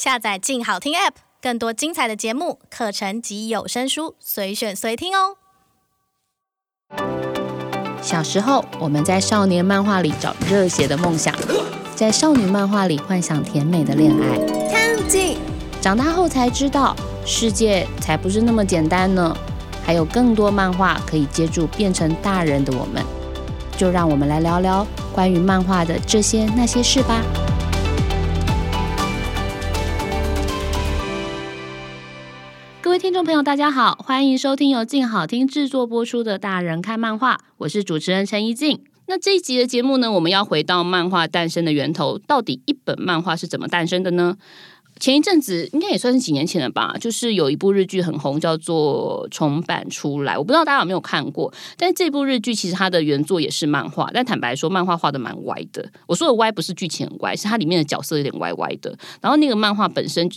下載“靜好聽 ”App，更多精彩的節目、課程及有聲書，隨選隨聽哦。小時候，我們在少年漫畫裡找熱血的夢想，在少女漫畫裡幻想甜美的戀愛。長大後才知道，世界才不是那麼簡單呢。還有更多漫畫可以接住，變成大人的我們，就讓我們來聊聊關於漫畫的這些那些事吧。聽眾朋友，大家好，歡迎收聽由靜好聽制作播出的《大人看漫畫》，我是主持人陳怡靜。那這一集的節目呢，我們要回到漫畫誕生的源頭，到底一本漫畫是怎麼誕生的呢？前一陣子應該也算是幾年前了吧，就是有一部日劇很紅，叫做重版出來。我不知道大家有沒有看過，但是這部日劇其實它的原作也是漫畫，但坦白說，漫畫畫的蠻歪的。我說的歪不是劇情很歪，是它裡面的角色有點歪歪的。然後那個漫畫本身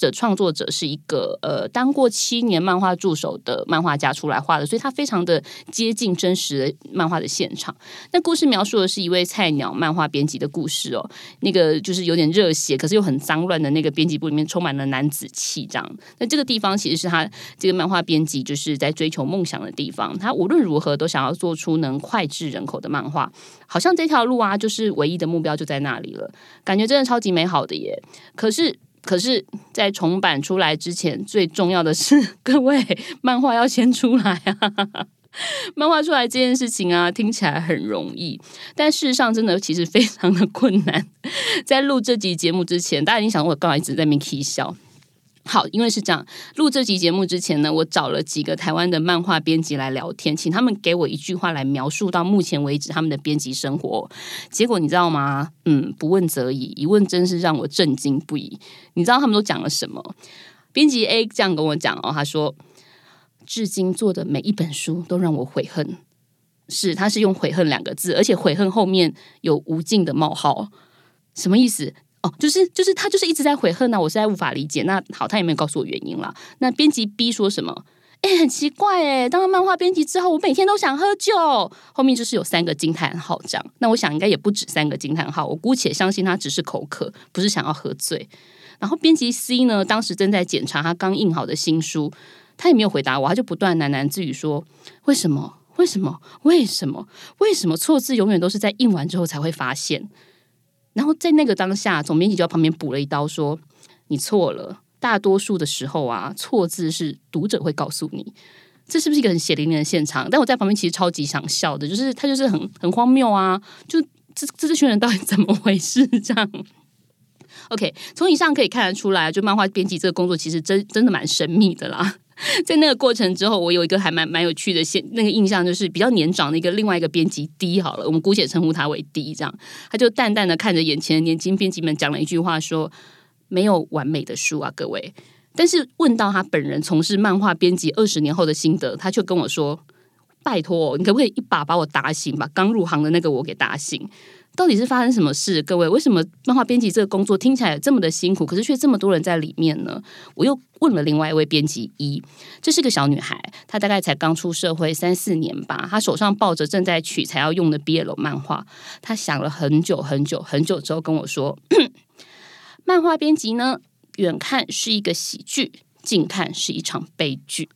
的創作者是一個呃，當過七年漫畫助手的漫畫家出來畫的，所以他非常的接近真實的漫畫的現場。那故事描述的是一位菜鳥漫畫編輯的故事哦，那個就是有點熱血，可是又很髒亂的那個編。編輯部裡面充滿了男子氣張，那這個地方其實是他這個漫畫編輯，就是在追求夢想的地方。他無論如何都想要做出能膾炙人口的漫畫，好像這條路啊，就是唯一的目標就在那裡了。感覺真的超級美好的耶！可是，可是，在重版出來之前，最重要的是各位漫畫要先出來啊。漫畫出來這件事情啊，聽起來很容易，但事實上真的其實非常的困難。在錄這集節目之前，大家已經想我剛剛一直在那邊笑。好，因為是這樣，錄這集節目之前呢，我找了幾個台灣的漫畫編輯來聊天，請他們給我一句話來描述到目前為止他們的編輯生活。結果你知道嗎？嗯，不問則已，一問真是讓我震驚不已。你知道他們都講了什麼？編輯 A 這樣跟我講哦，他說。至今做的每一本書都讓我悔恨。是他是用悔恨兩個字，而且悔恨後面有無盡的冒號，什麼意思？哦，就是就是他就是一直在悔恨呢，我實在無法理解。那好，他也沒有告訴我原因了。那編輯 B 說什麼？哎，很奇怪哎，當了漫畫編輯之後，我每天都想喝酒。後面就是有三個驚嘆號，這樣。那我想應該也不止三個驚嘆號，我姑且相信他只是口渴，不是想要喝醉。然後編輯 C 呢，當時正在檢查他剛印好的新書。他也沒有回答我，他就不斷喃喃自語說：“為什麼？為什麼？為什麼？為什麼？”錯字永遠都是在印完之後才會發現。然後在那個當下，總編輯就在旁邊補了一刀，說：“你錯了。大多數的時候啊，錯字是讀者會告訴你。這是不是一個很血淋淋的現場？”但我在旁邊其實超級想笑的，就是他就是很很荒謬啊！就這這這群人到底怎麼回事？這樣？OK，從以上可以看得出來，就漫畫編輯這個工作其實真真的蠻神祕的啦。在那個過程之後，我有一個還蠻蠻有趣的、現。那個印象，就是比較年長的一個另外一個編輯 D 好了，我們姑且稱呼他為 D，這樣他就淡淡的看着眼前的年輕編輯們，講了一句話說：“沒有完美的書啊，各位。”但是問到他本人從事漫畫編輯二十年後的心得，他就跟我說：“拜托，你可不可以一把把我打醒，把剛入行的那個我給打醒？”到底是發生什麼事？各位，為什麼漫畫編輯這個工作聽起來這麼的辛苦，可是卻這麼多人在裡面呢？我又問了另外一位編輯一，這是個小女孩，她大概才剛出社會三四年吧，她手上抱着正在取材要用的 BL 漫畫，她想了很久很久很久之後跟我說， 漫畫編輯呢，遠看是一個喜劇，近看是一場悲劇。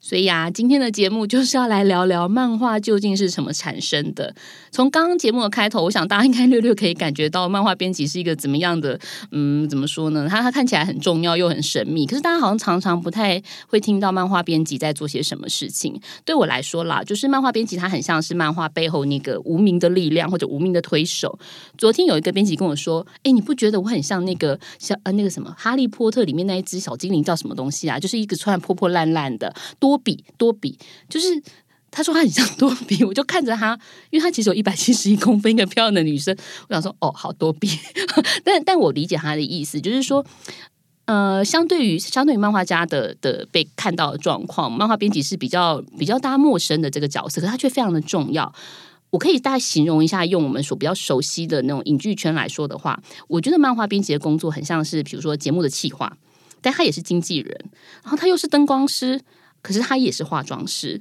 所以啊，今天的節目就是要來聊聊漫畫究竟是什麼產生的。從剛剛節目的開頭，我想大家應該略略可以感覺到，漫畫編輯是一個怎麼樣的？嗯，怎麼說呢？他他看起來很重要又很神秘，可是大家好像常常不太會聽到漫畫編輯在做些什麼事情。對我來說啦，就是漫畫編輯他很像是漫畫背後那個無名的力量或者無名的推手。昨天有一個編輯跟我說：“哎，你不覺得我很像那個小呃那個什麼《哈利波特》裡面那一隻小精靈叫什麼東西啊？就是一個穿破破爛爛的。”多比多比，就是他說他很像多比，我就看着他，因為他其實有一百七十一公分，一個漂亮的女生，我想說哦，好多比。 但但我理解他的意思，就是說，呃，相對於相對於漫畫家的的被看到的狀況，漫畫編輯是比較比較大家陌生的這個角色，可是他卻非常的重要。我可以大概形容一下，用我們所比較熟悉的那種影劇圈來說的話，我覺得漫畫編輯的工作很像是，比如說節目的企劃，但他也是經紀人，然後他又是燈光師。可是他也是化妝師，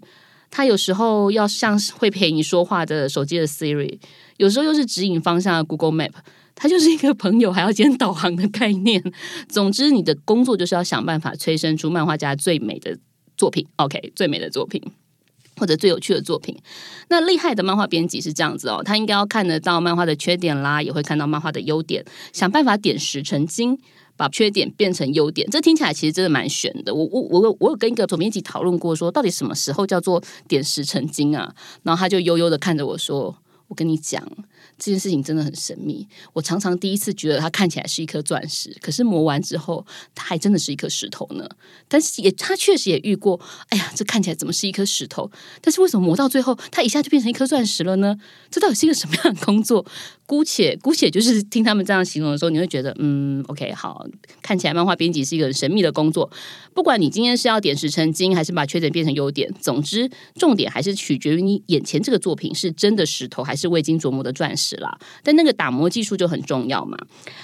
他有時候要像是會陪你說話的手機的 Siri，有時候又是指引方向的 Google Map，他就是一個朋友還要兼導航的概念。總之，你的工作就是要想辦法催生出漫畫家最美的作品，OK，最美的作品或者最有趣的作品。那厲害的漫畫編輯是這樣子哦，他應該要看得到漫畫的缺點啦，也會看到漫畫的優點，想辦法點石成金。把缺點變成優點，這聽起來其實真的蠻玄的。我我我有我有跟一個主編一起討論過，說到底什麼時候叫做點石成金啊？然後他就悠悠的看着我說：“我跟你講。”這件事情真的很神祕。我常常第一次覺得它看起來是一顆鑽石，可是磨完之後，它還真的是一顆石頭呢。但是也，他確實也遇過。哎呀，這看起來怎麼是一顆石頭？但是為什麼磨到最後，它一下就變成一顆鑽石了呢？這到底是一個什麼樣的工作？姑且，姑且就是聽他們這樣形容的時候，你會覺得，嗯，OK，好，看起來漫畫編輯是一個很神祕的工作。不管你今天是要點石成金，還是把缺點變成優點，總之，重點還是取決於你眼前這個作品是真的石頭，還是未經琢磨的鑽石。是啦，但那個打磨技術就很重要嘛。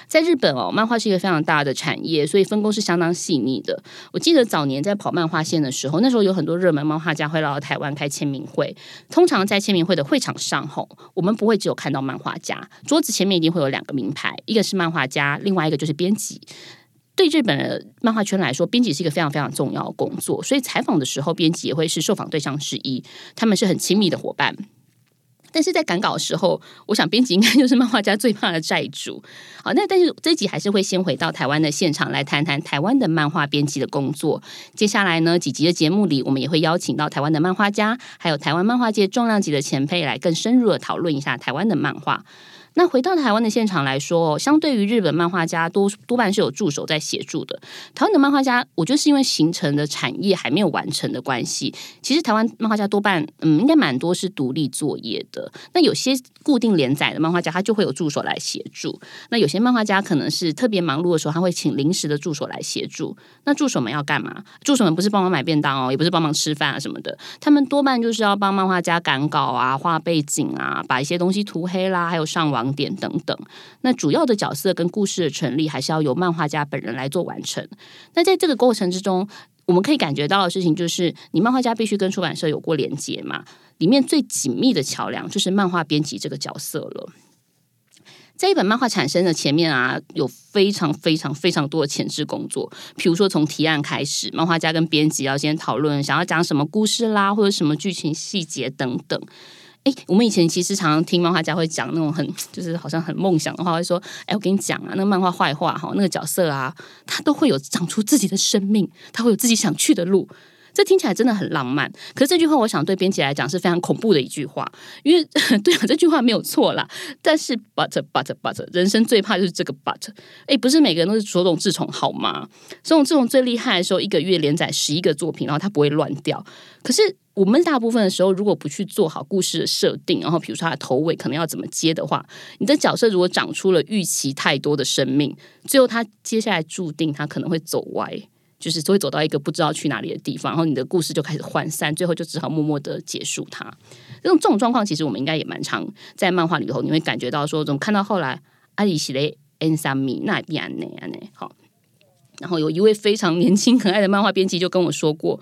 在日本哦，漫畫是一個非常大的產業，所以分工是相當細膩的。我記得早年在跑漫畫線的時候，那時候有很多熱門漫畫家會來到台灣開簽名會。通常在簽名會的會場上吼，我們不會只有看到漫畫家，桌子前面一定會有兩個名牌，一個是漫畫家，另外一個就是編輯。對日本的漫畫圈來說，編輯是一個非常非常重要的工作，所以採訪的時候，編輯也會是受訪對象之一，他們是很親密的伙伴。但是在趕稿的時候，我想編輯應該就是漫畫家最怕的債主。好，那但是這一集還是會先回到台灣的現場來談談台灣的漫畫編輯的工作。接下來呢，幾集的節目裡，我們也會邀請到台灣的漫畫家，還有台灣漫畫界重量級的前輩，來更深入的討論一下台灣的漫畫。那回到台灣的現場來說，相對於日本漫畫家多多半是有助手在協助的。台灣的漫畫家，我覺得是因為形成的產業還沒有完成的關係，其實台灣漫畫家多半嗯應該蠻多是獨立作業的。那有些固定連載的漫畫家，他就會有助手來協助。那有些漫畫家可能是特別忙碌的時候，他會請臨時的助手來協助。那助手們要幹嘛？助手們不是幫忙買便當哦，也不是幫忙吃飯啊什麼的。他們多半就是要幫漫畫家趕稿啊、畫背景啊、把一些東西塗黑啦，還有上網。點等等，那主要的角色跟故事的成立，還是要由漫畫家本人來做完成。那在這個過程之中，我們可以感覺到的事情，就是你漫畫家必須跟出版社有過連接嘛。裡面最緊密的橋梁，就是漫畫編輯這個角色了。在一本漫畫產生的前面啊，有非常非常非常多的前置工作，譬如說從提案開始，漫畫家跟編輯要先討論想要講什麼故事啦，或者什麼劇情細節等等。誒，我們以前其實常常聽漫畫家會講那種很，就是好像很夢想的話，會說：“哎，我跟你講啊，那個漫畫壞話哈，那個角色啊，他都會有長出自己的生命，他會有自己想去的路。”這聽起來真的很浪漫。可是這句話，我想對編輯來講是非常恐怖的一句話，因為呵呵對啊，這句話沒有錯啦。但是 but but but，人生最怕就是這個 but。誒，不是每個人都是手塚治蟲好嗎？手塚治蟲最厲害的時候，一個月連載十一個作品，然後他不會亂掉。可是。我們大部分的時候，如果不去做好故事的設定，然後比如說它的頭尾可能要怎麼接的話，你的角色如果長出了預期太多的生命，最後他接下來注定他可能會走歪，就是就會走到一個不知道去哪裡的地方，然後你的故事就開始渙散，最後就只好默默的結束它。這種這種狀況，其實我們應該也蠻常在漫畫裡頭，你會感覺到說，從看到後來阿里西雷恩三米那也必然那安呢。好，然後有一位非常年輕可愛的漫畫編輯就跟我說過。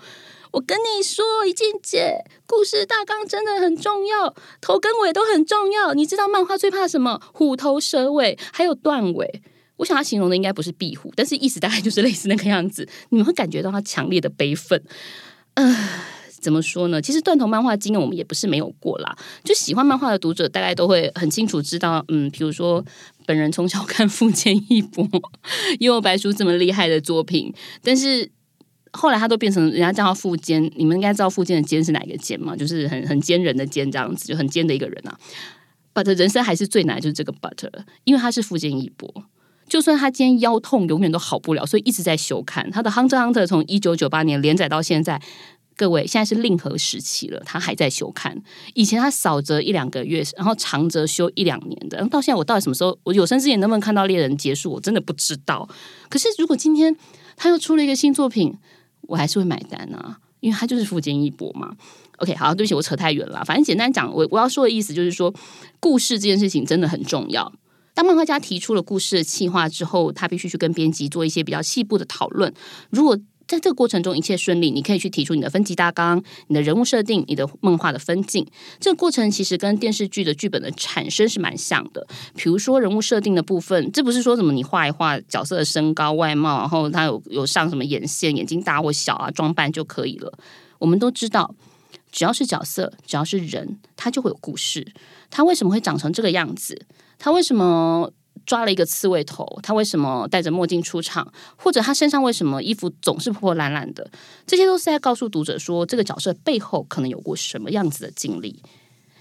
我跟你說，一靜姐，故事大綱真的很重要，頭跟尾都很重要。你知道漫畫最怕什麼？虎頭蛇尾，還有斷尾。我想他形容的應該不是壁虎，但是意思大概就是類似那個樣子。你們會感覺到他強烈的悲憤。呃，怎麼說呢？其實斷頭漫畫的經驗我們也不是沒有過啦。就喜歡漫畫的讀者大概都會很清楚知道，嗯，比如說本人從小看富堅義博，為 我白叔這麼厲害的作品，但是。後來他都變成人家叫他“富奸”，你們應該知道“富奸”的“奸”是哪一個“奸”嘛？就是很很奸人的“奸”這樣子，就很奸的一個人啊。Butter 人生還是最難，就是這個 Butter，因為他是富堅義博，就算他今天腰痛，永遠都好不了，所以一直在休刊。他的《Hunter Hunter》從一九九八年連載到現在，各位現在是令和時期了？他還在休刊。以前他少則一兩個月，然後長則休一兩年的。到現在，我到底什麼時候我有生之年能不能看到獵人結束？我真的不知道。可是如果今天他又出了一個新作品，我還是會買單呢、啊，因為他就是富堅義博嘛。OK，好，對不起，我扯太遠了。反正簡單講，我我要說的意思就是說，故事這件事情真的很重要。當漫畫家提出了故事的企劃之後，他必須去跟編輯做一些比較細部的討論。如果在這個過程中一切順利，你可以去提出你的分集大綱，你的人物設定，你的漫畫的分鏡。這個過程其實跟電視劇的劇本的產生是蠻像的。比如說人物設定的部分，這不是說什麼你畫一畫角色的身高，外貌，然後他有有上什麼眼線，眼睛大或小啊，裝扮就可以了。我們都知道，只要是角色，只要是人，他就會有故事。他為什麼會長成這個樣子？他為什麼？抓了一個刺蝟頭，他為什麼戴着墨鏡出場？或者他身上為什麼衣服總是破破爛爛的？這些都是在告訴讀者說，這個角色背後可能有過什麼樣子的經歷。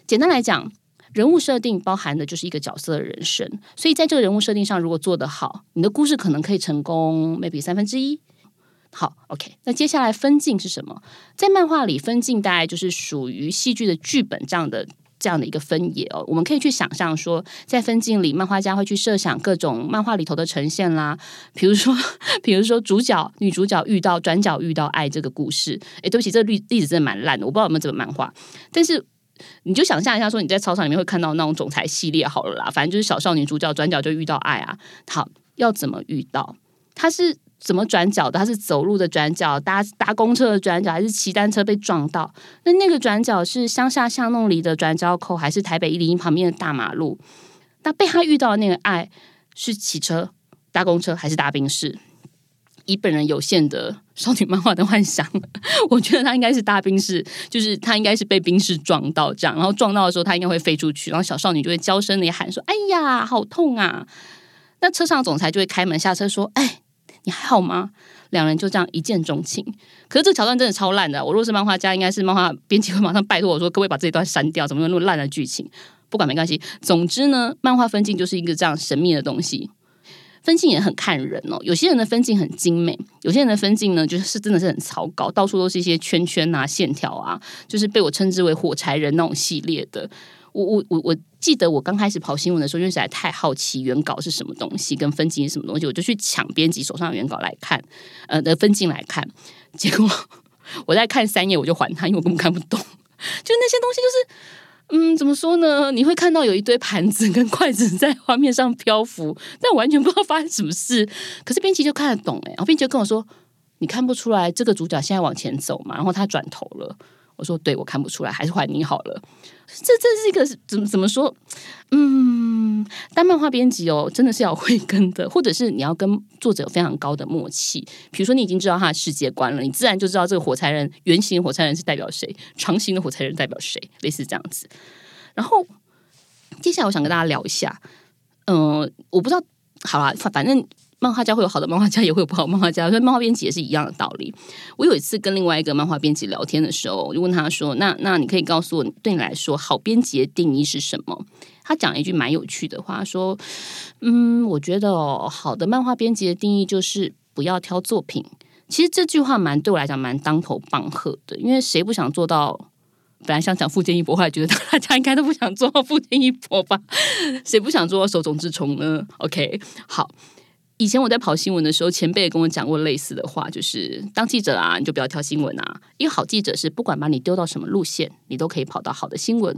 簡單來講，人物設定包含的就是一個角色的人生。所以在這個人物設定上，如果做得好，你的故事可能可以成功。maybe 三分之一。3? 好，OK。那接下來分鏡是什麼？在漫畫裡，分鏡大概就是屬於戲劇的劇本這樣的。這樣的一個分野哦，我們可以去想象說，在分鏡裡，漫畫家會去設想各種漫畫裡頭的呈現啦。比如說，比如說，主角女主角遇到轉角遇到愛這個故事。誒，對不起，這個例例子真的蠻爛的，我不知道有沒有這個漫畫？但是，你就想象一下，說你在操場裡面會看到那種總裁系列好了啦，反正就是小少女主角轉角就遇到愛啊。好，要怎麼遇到？他是。怎麼轉角的？他是走路的轉角，搭搭公車的轉角，還是騎單車被撞到？那那個轉角是鄉下巷弄裡的轉角口，還是台北一零一旁邊的大馬路？那被他遇到的那個愛是騎車、搭公車，還是搭賓士？以本人有限的少女漫畫的幻想，我覺得他應該是搭賓士，就是他應該是被賓士撞到這樣。然後撞到的時候，他應該會飛出去，然後小少女就會嬌聲的喊說：“哎呀，好痛啊！”那車上總裁就會開門下車說：“哎。”你還好嗎？兩人就這樣一見鍾情。可是這橋段真的超爛的啊。我若是漫畫家，應該是漫畫編輯會馬上拜託我說：“各位把這一段刪掉，怎麼有那麼爛的劇情？”不管沒關係。總之呢，漫畫分鏡就是一個這樣神秘的東西。分鏡也很看人哦。有些人的分鏡很精美，有些人的分鏡呢，就是真的是很糟糕，到處都是一些圈圈啊、線條啊，就是被我稱之爲火柴人那種系列的。我我我我記得我剛開始跑新聞的時候，因為實在太好奇原稿是什麼東西，跟分鏡是什麼東西，我就去搶編輯手上的原稿來看，呃，的分鏡來看。結果我在看三頁我就還他，因為我根本看不懂。就那些東西，就是嗯，怎麼說呢？你會看到有一堆盤子跟筷子在畫面上漂浮，但我完全不知道發生什麼事。可是編輯就看得懂、欸，哎、啊，我編輯跟我說，你看不出來這個主角現在往前走嘛，然後他轉頭了。我說，對，我看不出來，還是還你好了。這這是一個怎麼怎麼說？嗯，當漫畫編輯哦，真的是要會跟的，或者是你要跟作者有非常高的默契。比如說，你已經知道他的世界觀了，你自然就知道這個火柴人圓形火柴人是代表誰，長形的火柴人代表誰，類似這樣子。然後接下來我想跟大家聊一下，嗯、呃，我不知道，好啦，反正。漫畫家會有好的漫畫家，也會有不好的漫畫家，所以漫畫編輯也是一樣的道理。我有一次跟另外一個漫畫編輯聊天的時候，我就問他說：“那那你可以告訴我，對你來說好編輯的定義是什麼？”他講了一句蠻有趣的話，說：“嗯，我覺得哦，好的漫畫編輯的定義就是不要挑作品。”其實這句話蠻對我來講蠻當頭棒喝的，因為誰不想做到？本來想講富堅義博，後來覺得大家應該都不想做到富堅義博吧？誰不想做到手塚治蟲呢？OK，好。以前我在跑新聞的時候，前輩也跟我講過類似的話，就是當記者啊，你就不要挑新聞啊。因為好記者是不管把你丟到什麼路線，你都可以跑到好的新聞。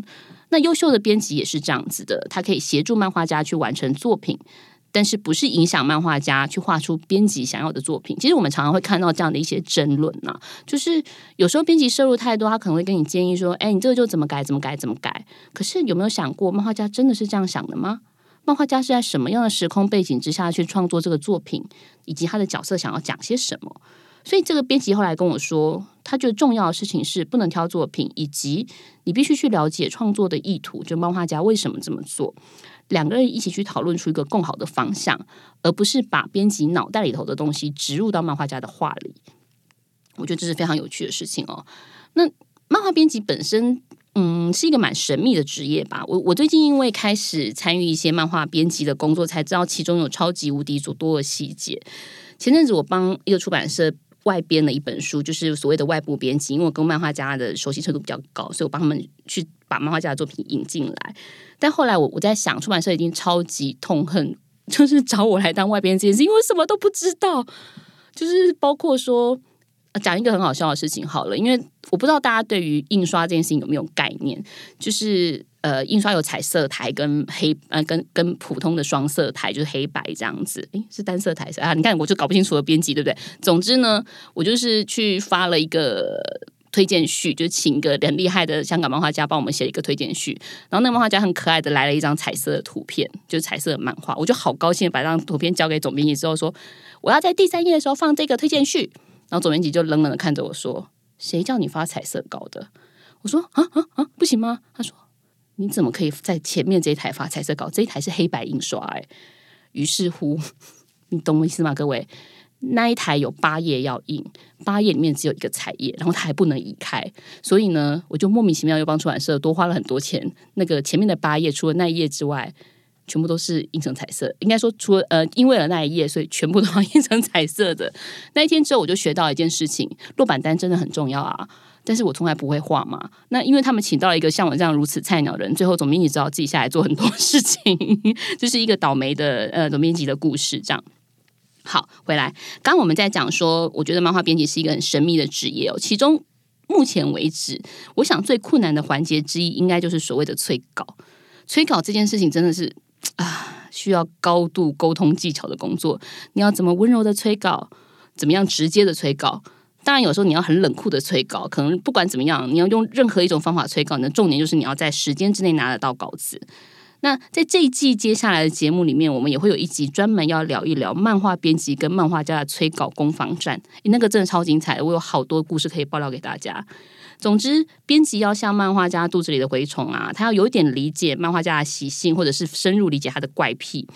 那優秀的編輯也是這樣子的，他可以協助漫畫家去完成作品，但是不是影響漫畫家去畫出編輯想要的作品。其實我們常常會看到這樣的一些爭論吶、啊，就是有時候編輯攝入太多，他可能會跟你建議說：“誒、欸，你這個就怎麼改，怎麼改，怎麼改。”可是有沒有想過，漫畫家真的是這樣想的嗎？漫畫家是在什麼樣的時空背景之下去創作這個作品，以及他的角色想要講些什麼？所以，這個編輯後來跟我說，他覺得重要的事情是不能挑作品，以及你必須去了解創作的意圖，就漫畫家為什麼這麼做。兩個人一起去討論出一個更好的方向，而不是把編輯腦袋裡頭的東西植入到漫畫家的畫裡。我覺得這是非常有趣的事情哦。那漫畫編輯本身。嗯，是一個蠻神秘的職業吧。我我最近因為開始參與一些漫畫編輯的工作，才知道其中有超級無敵多的細節。前陣子我幫一個出版社外編了一本書，就是所謂的外部編輯，因為我跟漫畫家的熟悉程度比較高，所以我幫他們去把漫畫家的作品引進來。但後來我我在想，出版社已經超級痛恨，就是找我來當外編這件事，因為我什麼都不知道，就是包括說。講一個很好笑的事情好了，因為我不知道大家對於印刷這件事情有沒有概念，就是呃，印刷有彩色台跟黑呃跟跟普通的雙色台就是黑白這樣子，哎，是單色台色啊。你看我就搞不清楚了，編輯對不對？總之呢，我就是去發了一個推薦序，就請一個很厲害的香港漫畫家幫我們寫一個推薦序，然後那個漫畫家很可愛的來了一張彩色的圖片，就是彩色的漫畫，我就好高興的把這張圖片交給總編輯之後說，我要在第三頁的時候放這個推薦序。然後總編輯就冷冷的看着我說：“誰叫你發彩色稿的？”我說：“啊啊啊，不行嗎？”他說：“你怎麼可以在前面這一台發彩色稿？這一台是黑白印刷，欸。”誒於是乎，你懂我意思嗎？各位，那一台有八頁要印，八頁裡面只有一個彩頁，然後他還不能移開，所以呢，我就莫名其妙又幫出版社多花了很多錢。那個前面的八頁，除了那一頁之外。全部都是印成彩色，應該說，除了呃，因為了那一頁，所以全部都要印成彩色的那一天之後，我就學到一件事情：落版單真的很重要啊！但是我從來不會畫嘛。那因為他們請到了一個像我這樣如此菜鳥的人，最後總編輯只好自己下來做很多事情， 就是一個倒霉的呃總編輯的故事。這樣好，回來剛我們在講說，我覺得漫畫編輯是一個很神秘的職業哦。其中目前為止，我想最困難的環節之一，應該就是所謂的催稿。催稿這件事情真的是。啊，需要高度溝通技巧的工作，你要怎麼溫柔的催稿，怎麼樣直接的催稿？當然，有時候你要很冷酷的催稿。可能不管怎麼樣，你要用任何一種方法催稿，你的重點就是你要在時間之內拿得到稿子。那在這一季接下來的節目裡面，我們也會有一集專門要聊一聊漫畫編輯跟漫畫家的催稿攻防戰，那個真的超精彩，我有好多故事可以爆料給大家。總之，編輯要像漫畫家肚子裡的蛔蟲啊，他要有一點理解漫畫家的習性，或者是深入理解他的怪癖。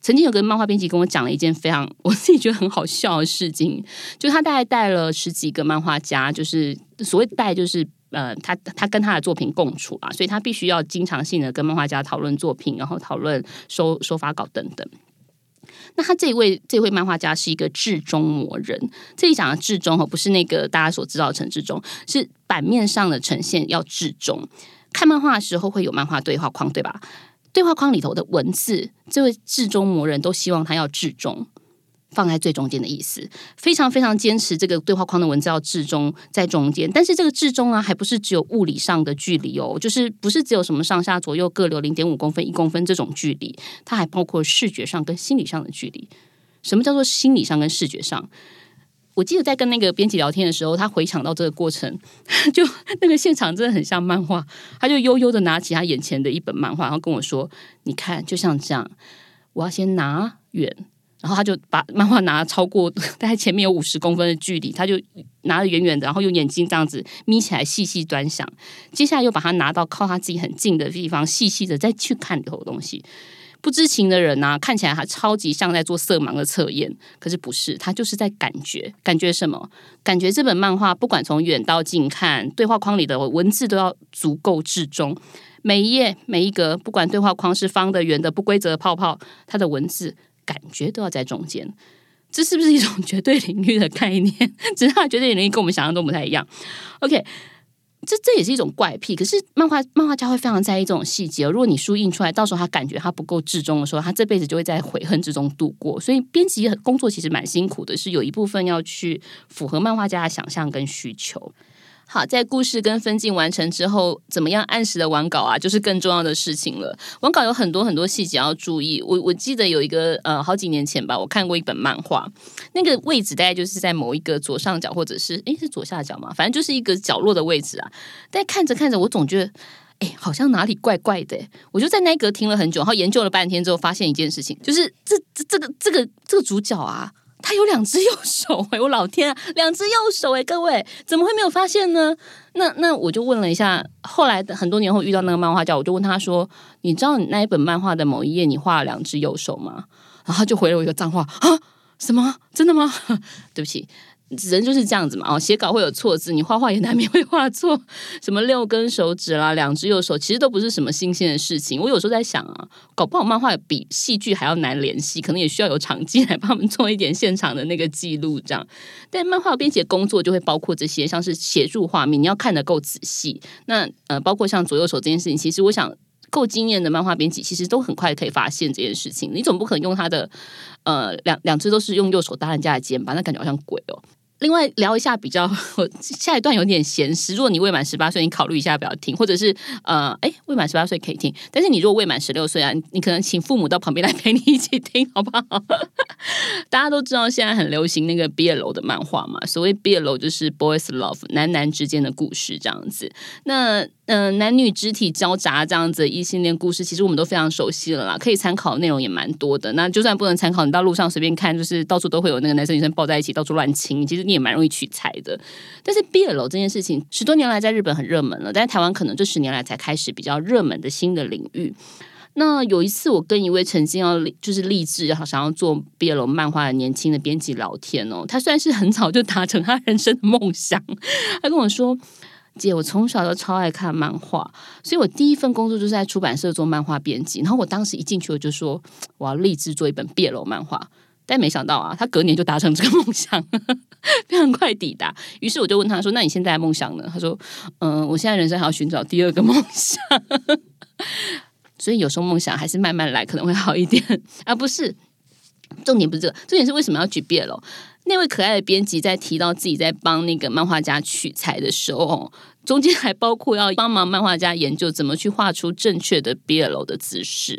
曾經有個漫畫編輯跟我講了一件非常我自己覺得很好笑的事情，就他大概帶了十幾個漫畫家，就是所謂帶，就是呃，他他跟他的作品共處啊，所以他必須要經常性的跟漫畫家討論作品，然後討論收收發稿等等。那他這一位這一位漫畫家是一個置中魔人，這裡講的置中哦，不是那個大家所知道的陳致中，是版面上的呈現要置中。看漫畫的時候會有漫畫對話框，對吧？對話框裡頭的文字，這位置中魔人都希望他要置中。放在最中間的意思，非常非常堅持這個對話框的文字要置中在中間。但是這個置中啊，還不是只有物理上的距離哦，就是不是只有什麼上下左右各留零點五公分、一公分這種距離，它還包括視覺上跟心理上的距離。什麼叫做心理上跟視覺上？我記得在跟那個編輯聊天的時候，他回想到這個過程，就那個現場真的很像漫畫，他就悠悠的拿起他眼前的一本漫畫，然後跟我說：“你看，就像這樣，我要先拿遠。”然後他就把漫畫拿得超過大概前面有五十公分的距離，他就拿得遠遠的，然後用眼睛這樣子眯起來細細端詳。接下來又把它拿到靠他自己很近的地方，細細的再去看裡頭的東西。不知情的人呢、啊，看起來還超級像在做色盲的測驗，可是不是，他就是在感覺感覺什麼？感覺這本漫畫不管從遠到近看，對話框裡的文字都要足夠置中，每一頁每一格，不管對話框是方的、圓的、不規則的泡泡，它的文字。感覺都要在中間，這是不是一種絕對領域的概念？只是他絕對領域跟我們想象都不太一樣。OK，這這也是一種怪癖。可是漫畫漫畫家會非常在意這種細節哦。如果你書印出來，到時候他感覺他不夠置中的時候，他這輩子就會在悔恨之中度過。所以編輯工作其實蠻辛苦的，是有一部分要去符合漫畫家的想象跟需求。好，在故事跟分鏡完成之後，怎麼樣按時的完稿啊？就是更重要的事情了。完稿有很多很多細節要注意。我我記得有一個呃，好幾年前吧，我看過一本漫畫，那個位置大概就是在某一個左上角，或者是誒，是左下角嘛，反正就是一個角落的位置啊。但看着看着，我總覺得誒，好像哪裡怪怪的，欸。我就在那一格聽了很久，然後研究了半天之後，發現一件事情，就是這這這個這個這個主角啊。他有兩隻右手欸！我老天啊，兩隻右手欸！各位怎麼會沒有發現呢？那那我就問了一下，後來很多年後遇到那個漫畫家，我就問他說：“你知道你那一本漫畫的某一頁你畫了兩隻右手嗎？”然後他就回了我一個髒話啊！什麼？真的嗎？對不起。人就是這樣子嘛，哦，寫稿會有錯字，你畫畫也難免會畫錯，什麼六根手指啦，兩隻右手，其實都不是什麼新鮮的事情。我有時候在想啊，搞不好漫畫比戲劇還要難聯繫，可能也需要有場記來幫我們做一點現場的那個記錄，這樣。但漫畫編輯工作就會包括這些，像是協助畫面，你要看得夠仔細。那呃，包括像左右手這件事情，其實我想夠經驗的漫畫編輯，其實都很快可以發現這件事情。你總不可能用他的呃兩兩隻都是用右手搭人家的肩膀，那感覺好像鬼哦。另外聊一下比較，下一段有點鹹濕，如果你未滿十八歲，你考慮一下不要聽，或者是呃，哎、欸，未滿十八歲可以聽，但是你如果未滿十六歲啊，你可能請父母到旁邊來陪你一起聽，好不好？ 大家都知道現在很流行那個 BL 的漫畫嘛，所謂 BL 就是 boys love，男男之間的故事這樣子。那嗯、呃，男女肢體交雜這樣子異性戀故事，其實我們都非常熟悉了啦，可以參考的內容也蠻多的。那就算不能參考，你到路上隨便看，就是到處都會有那個男生女生抱在一起到處亂親，其實。你也蠻容易取材的，但是 BL 這件事情十多年來在日本很熱門了，但是台灣可能這十年來才開始比較熱門的新的領域。那有一次，我跟一位曾經要就是立志好想要做 BL 漫畫的年輕的編輯聊天哦，他雖然是很早就達成他人生的夢想，他跟我說：“姐，我從小都超愛看漫畫，所以我第一份工作就是在出版社做漫畫編輯。然後我當時一進去，我就說我要立志做一本 BL 漫畫。”但沒想到啊，他隔年就達成這個夢想，非常快抵達。於是我就問他說：“那你現在的夢想呢？”他說：“嗯、呃，我現在人生還要尋找第二個夢想。”所以有時候夢想還是慢慢來可能會好一點。啊，不是，重點不是這個，重點是為什麼要舉 BL？那位可愛的編輯在提到自己在幫那個漫畫家取材的時候，中間還包括要幫忙漫畫家研究怎麼去畫出正確的 BL 的姿勢。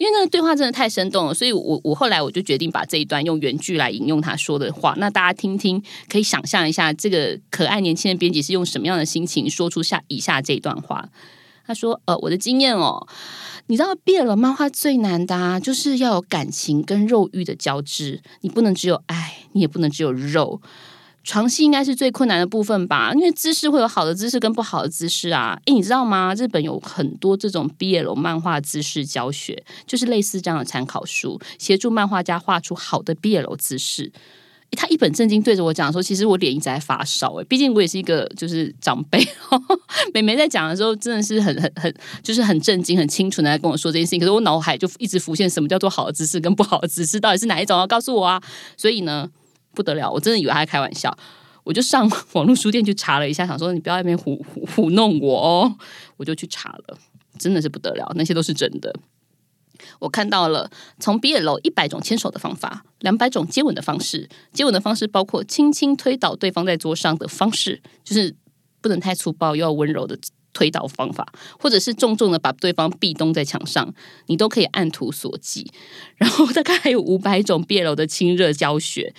因為那個對話真的太生動了，所以我我後來我就決定把這一段用原句來引用他說的話，那大家聽聽，可以想象一下這個可愛年輕的編輯是用什麼樣的心情說出下以下這一段話。他說：“呃，我的經驗哦，你知道，BL 漫畫最難的，啊，就是要有感情跟肉欲的交織，你不能只有愛，你也不能只有肉。”床戲應該是最困難的部分吧，因為姿勢會有好的姿勢跟不好的姿勢啊。誒你知道嗎？日本有很多這種 B L 漫畫姿勢教學，就是類似這樣的參考書，協助漫畫家畫出好的 B L 姿勢。誒，他一本正經對着我講說，其實我臉一直在發燒、欸。哎，畢竟我也是一個就是長輩、哦。 妹妹在講的時候，真的是很很很，就是很震驚、很清楚的在跟我說這件事情。可是我腦海就一直浮現，什麼叫做好的姿勢跟不好的姿勢，到底是哪一種要告訴我啊！所以呢？不得了！我真的以為他在開玩笑，我就上網路書店去查了一下，想說你不要那邊糊糊弄我哦，我就去查了，真的是不得了，那些都是真的。我看到了從 BL 一百種牽手的方法，兩百種接吻的方式，接吻的方式包括輕輕推倒對方在桌上的方式，就是不能太粗暴又要溫柔的推倒方法，或者是重重的把對方壁咚在牆上，你都可以按圖索驥。然後大概還有五百種 BL 的親熱教學。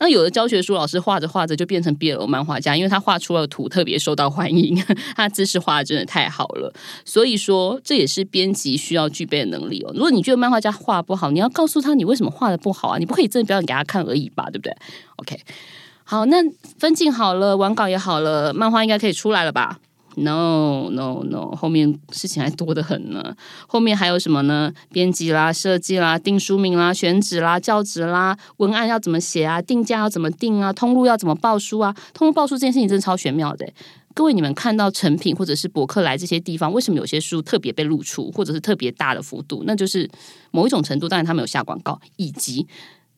那有的教學書老師畫着畫着就變成別的漫畫家，因為他畫出了圖特別受到歡迎，呵呵，他姿勢畫的真的太好了。所以說，這也是編輯需要具備的能力哦。如果你覺得漫畫家畫不好，你要告訴他你為什麼畫的不好啊，你不可以真的表演給他看而已吧，對不對？OK，好，那分鏡好了，完稿也好了，漫畫應該可以出來了吧？No no no，後面事情還多得很呢。後面還有什麼呢？編輯啦、設計啦、訂書名啦、選址啦、教職啦、文案要怎麼寫啊？定價要怎麼定啊？通路要怎麼報書啊？通路報書這件事情真的超玄妙的。各位，你們看到成品或者是博客來這些地方，為什麼有些書特別被露出，或者是特別大的幅度？那就是某一種程度，當然他沒有下廣告，以及。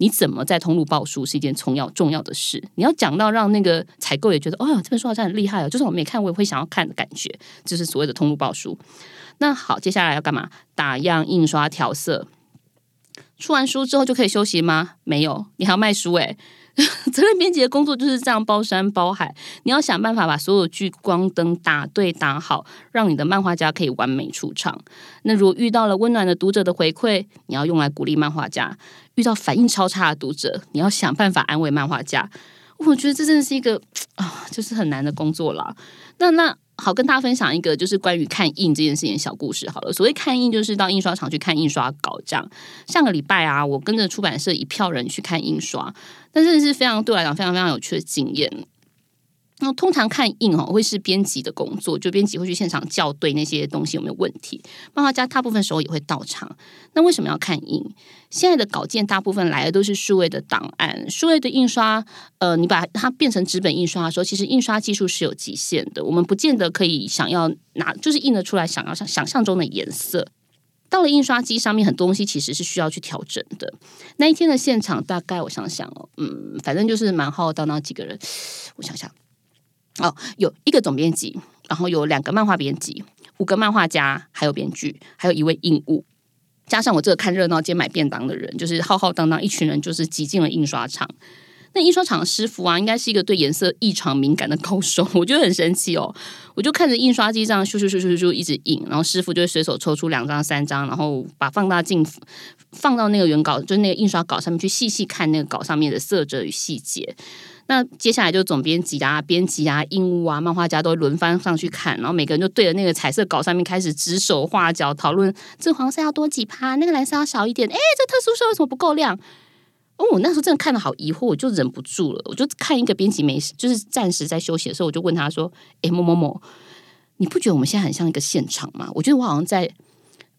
你怎麼在通路報書是一件重要重要的事，你要講到讓那個採購也覺得，哦，這本書好像很厲害哦，就算我沒看，我也會想要看的感覺，就是所謂的通路報書。那好，接下來要幹嘛？打樣、印刷、調色，出完書之後就可以休息嗎？沒有，你還要賣書誒。責任編輯的工作就是這樣包山包海，你要想辦法把所有聚光燈打對打好，讓你的漫畫家可以完美出場。那如果遇到了溫暖的讀者的回饋，你要用來鼓勵漫畫家；遇到反應超差的讀者，你要想辦法安慰漫畫家。我覺得這真的是一個啊，就是很難的工作了。那那。好，跟大家分享一個就是關於看印這件事情的小故事好了。所謂看印，就是到印刷廠去看印刷稿這樣。上個禮拜啊，我跟着出版社一票人去看印刷，但是是非常對我來講非常非常有趣的經驗。那通常看印哦，會是編輯的工作，就編輯會去現場校對那些東西有沒有問題。漫畫家大部分時候也會到場。那為什麼要看印？現在的稿件大部分來的都是數位的檔案，數位的印刷，呃，你把它變成紙本印刷的時候，其實印刷技術是有極限的。我們不見得可以想要拿，就是印得出來想要想想象中的顏色。到了印刷機上面，很多東西其實是需要去調整的。那一天的現場，大概我想想哦，嗯，反正就是蠻好到那幾個人，我想想。哦，有一個總編輯，然後有兩個漫畫編輯，五個漫畫家，還有編劇，還有一位印務。加上我這個看熱鬧兼買便當的人，就是浩浩蕩蕩一群人，就是擠進了印刷廠。那印刷廠師傅啊，應該是一個對顏色異常敏感的高手，我覺得很神奇哦。我就看着印刷機這樣咻咻咻咻咻咻，一直印，然後師傅就隨手抽出兩張三張，然後把放大鏡放到那個原稿，就是那個印刷稿上面去細細看那個稿上面的色澤與細節。那接下來就總編輯啊、編輯啊、印務啊、漫畫家都輪番上去看，然後每個人就對着那個彩色稿上面開始指手畫腳討論，這黃色要多幾趴，那個藍色要少一點。誒，這特殊色為什麼不夠亮？哦，我那時候真的看的好疑惑，我就忍不住了，我就看一個編輯沒，就是暫時在休息的時候，我就問他說：“誒，某某某，你不覺得我們現在很像一個現場嗎？我覺得我好像在。”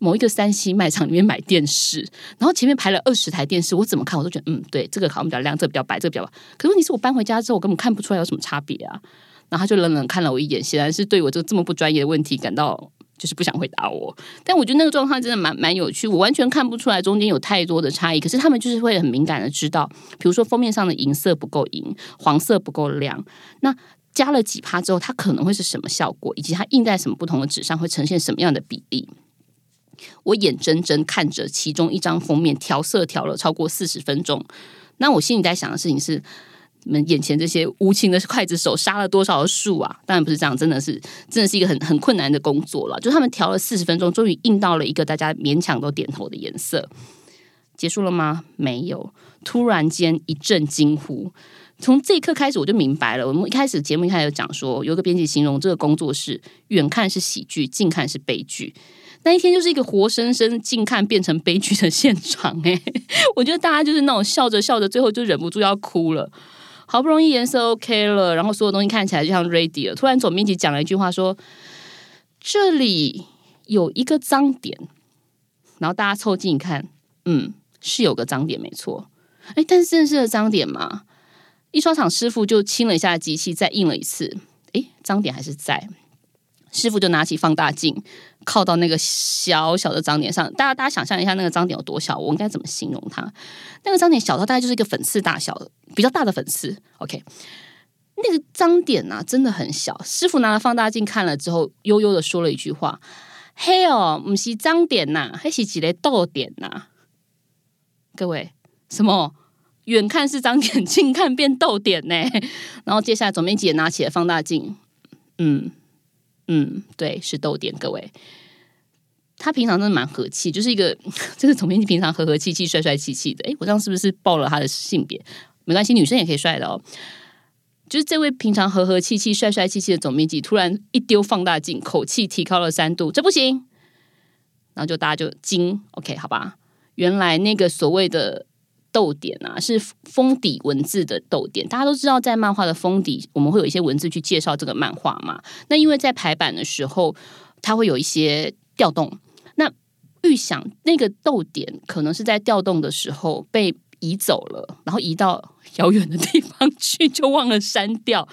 某一個 3C 賣場裡面買電視，然後前面排了二十台電視，我怎麼看我都覺得，嗯，對，這個好像比較亮，這個，比較白，這個，比較白。可是問題是我搬回家之後，我根本看不出來有什麼差別啊。然後他就冷冷看了我一眼，顯然是對我這個這麼不專業的問題感到就是不想回答我。但我覺得那個狀況真的蠻蠻有趣，我完全看不出來中間有太多的差異。可是他們就是會很敏感的知道，比如說，封面上的銀色不夠銀，黃色不夠亮，那加了幾趴之後，它可能會是什麼效果，以及它印在什麼不同的紙上會呈現什麼樣的比例。我眼睜睜看着其中一張封面調色調了超過四十分鐘，那我心裡在想的事情是：你們眼前這些無情的劊子手殺了多少樹啊？當然不是這樣，真的是真的是一個很很困難的工作了。就他們調了四十分鐘，終於印到了一個大家勉強都點頭的顏色。結束了嗎？沒有。突然間一陣驚呼，從這一刻開始我就明白了。我們一開始節目一開始有講說，有個編輯形容這個工作是：遠看是喜劇，近看是悲劇。那一天就是一個活生生近看變成悲劇的現場誒、欸，我覺得大家就是那種笑着笑着，最後就忍不住要哭了。好不容易顏色 OK 了，然後所有東西看起來就像 ready 了，突然總編輯講了一句話說：“這裡有一個髒點。”然後大家湊近看，嗯，是有個髒點沒錯。哎，但是這是髒點嗎，印刷廠師傅就清了一下機器，再印了一次，哎，髒點還是在。師傅就拿起放大鏡，靠到那個小小的髒點上。大家，大家想象一下，那個髒點有多小？我應該怎麼形容它？那個髒點小到大概就是一個粉刺大小，比較大的粉刺。OK，那個髒點吶、啊、真的很小。師傅拿了放大鏡看了之後，悠悠的說了一句話：“黑哦，不是髒點吶、啊，黑是幾個痘點吶、啊。”各位，什麼？遠看是髒點，近看變痘點呢？ 然後接下來，總編輯也拿起了放大鏡，嗯。嗯，對，是逗點。各位，他平常真的蠻和氣，就是一個這個總編輯平常和和氣氣、帥帥氣氣的。誒，我這樣是不是暴露了他的性別？沒關係，女生也可以帥的哦。就是這位平常和和氣氣、帥帥氣氣的總編輯，突然一丟放大鏡，口氣提高了三度，這不行。然後就大家就驚，OK，好吧？原來那個所謂的。逗點啊，是封底文字的逗點。大家都知道，在漫畫的封底，我們會有一些文字去介紹這個漫畫嘛。那因為在排版的時候，它會有一些調動。那預想那個逗點可能是在調動的時候被移走了，然後移到遙遠的地方去，就忘了刪掉。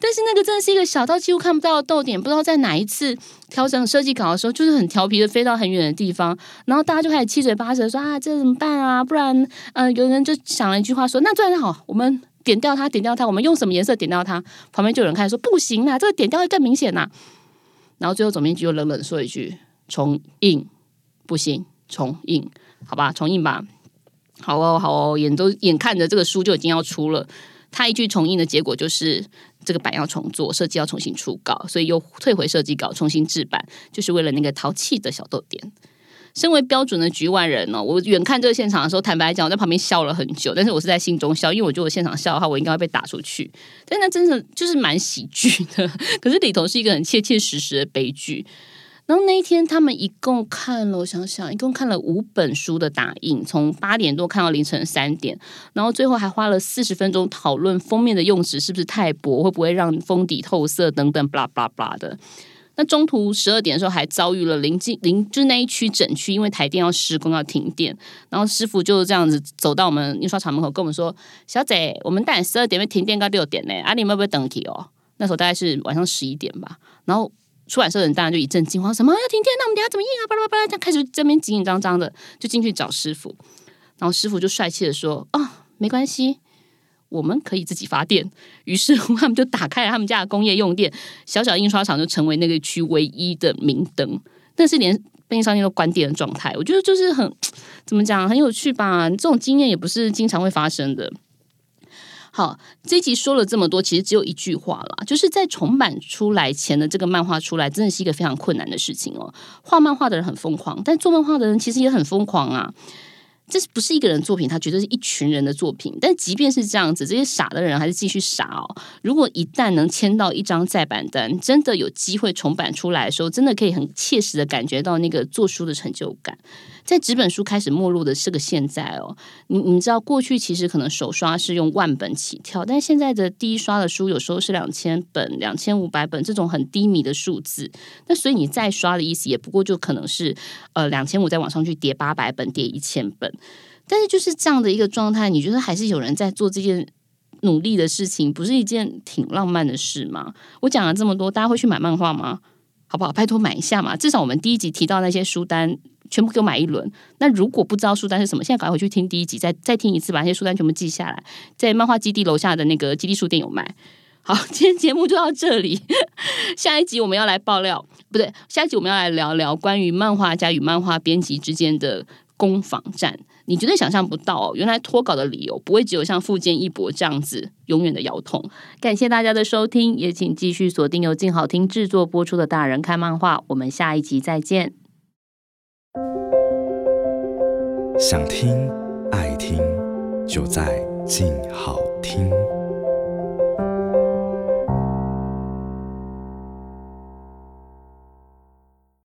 但是那個真的是一個小到幾乎看不到的逗點，不知道在哪一次調整設計稿的時候，就是很調皮的飛到很遠的地方，然後大家就開始七嘴八舌說啊，這怎麼辦啊？不然，嗯、呃，有人就想了一句話說，那這樣好，我們點掉它，點掉它，我們用什麼顏色點掉它？旁邊就有人開始說，不行啊，這個點掉會更明顯吶、啊。然後最後總編輯又冷冷說一句，重印不行，重印好吧，重印吧。好哦，好哦，眼都眼看着這個書就已經要出了，他一句重印的結果就是這個版要重做，設計要重新出稿，所以又退回設計稿，重新制版，就是為了那個淘氣的小豆點。身為標準的局外人呢、哦，我遠看這個現場的時候，坦白講，我在旁邊笑了很久，但是我是在心中笑，因為我覺得我現場笑的話，我應該會被打出去。但是那真的就是蠻喜劇的，可是裡頭是一個很切切實實的悲劇。然後那一天，他們一共看了，我想想，一共看了五本書的打印，從八點多看到凌晨三點，然後最後還花了四十分鐘討論封面的用紙是不是太薄，會不會讓封底透色等等，巴拉巴拉的。那中途十二點的時候，還遭遇了臨近臨就是、那一區整區，因為台電要施工要停電，然後師傅就這樣子走到我們印刷廠門口，跟我們說：“ 小姐，我們大概十二點會停電到六點呢，啊，你們要不要等起哦？”那時候大概是晚上十一點吧，然後。出版社的人當然就一陣驚慌，什麼要停電？那我們等下怎麼印啊？巴拉巴拉，就開始這邊緊緊張張的就進去找師傅，然後師傅就帥氣的說：“啊、哦，沒關係，我們可以自己發電。”於是他們就打開了他們家的工業用電，小小印刷廠就成為那個區唯一的明燈。但是連複印商店都關店的狀態，我覺得就是很怎麼講，很有趣吧？這種經驗也不是經常會發生的。好，這一集說了這麼多，其實只有一句話了，就是在重版出來前的這個漫畫出來，真的是一個非常困難的事情哦、喔。畫漫畫的人很瘋狂，但做漫畫的人其實也很瘋狂啊。這不是一個人作品，他絕對是一群人的作品。但即便是這樣子，這些傻的人還是繼續傻哦、喔。如果一旦能簽到一張再版單，真的有機會重版出來的時候，真的可以很切實的感覺到那個做書的成就感。在紙本書開始沒落的是個現在哦，你你知道過去其實可能首刷是用萬本起跳，但現在的第一刷的書有時候是兩千本、兩千五百本這種很低迷的數字。那所以你再刷的意思也不過就可能是呃兩千五再往上去疊八百本、疊一千本。但是就是這樣的一個狀態，你覺得還是有人在做這件努力的事情，不是一件挺浪漫的事嗎？我講了這麼多，大家會去買漫畫嗎？好不好？拜託買一下嘛，至少我們第一集提到那些書單。全部給我買一輪。那如果不知道書單是什麼，現在趕快回去聽第一集，再再聽一次，把那些書單全部記下來。在漫畫基地樓下的那個基地書店有賣。好，今天節目就到這裡。下一集我們要來爆料，不對，下一集我們要來聊聊關於漫畫家與漫畫編輯之間的攻防戰。你絕對想象不到，哦，原來脫稿的理由不會只有像富樫義博這樣子永遠的腰痛。感謝大家的收聽，也請繼續鎖定由靜好聽制作播出的《大人看漫畫》，我們下一集再見。想聽，愛聽，就在靜好聽。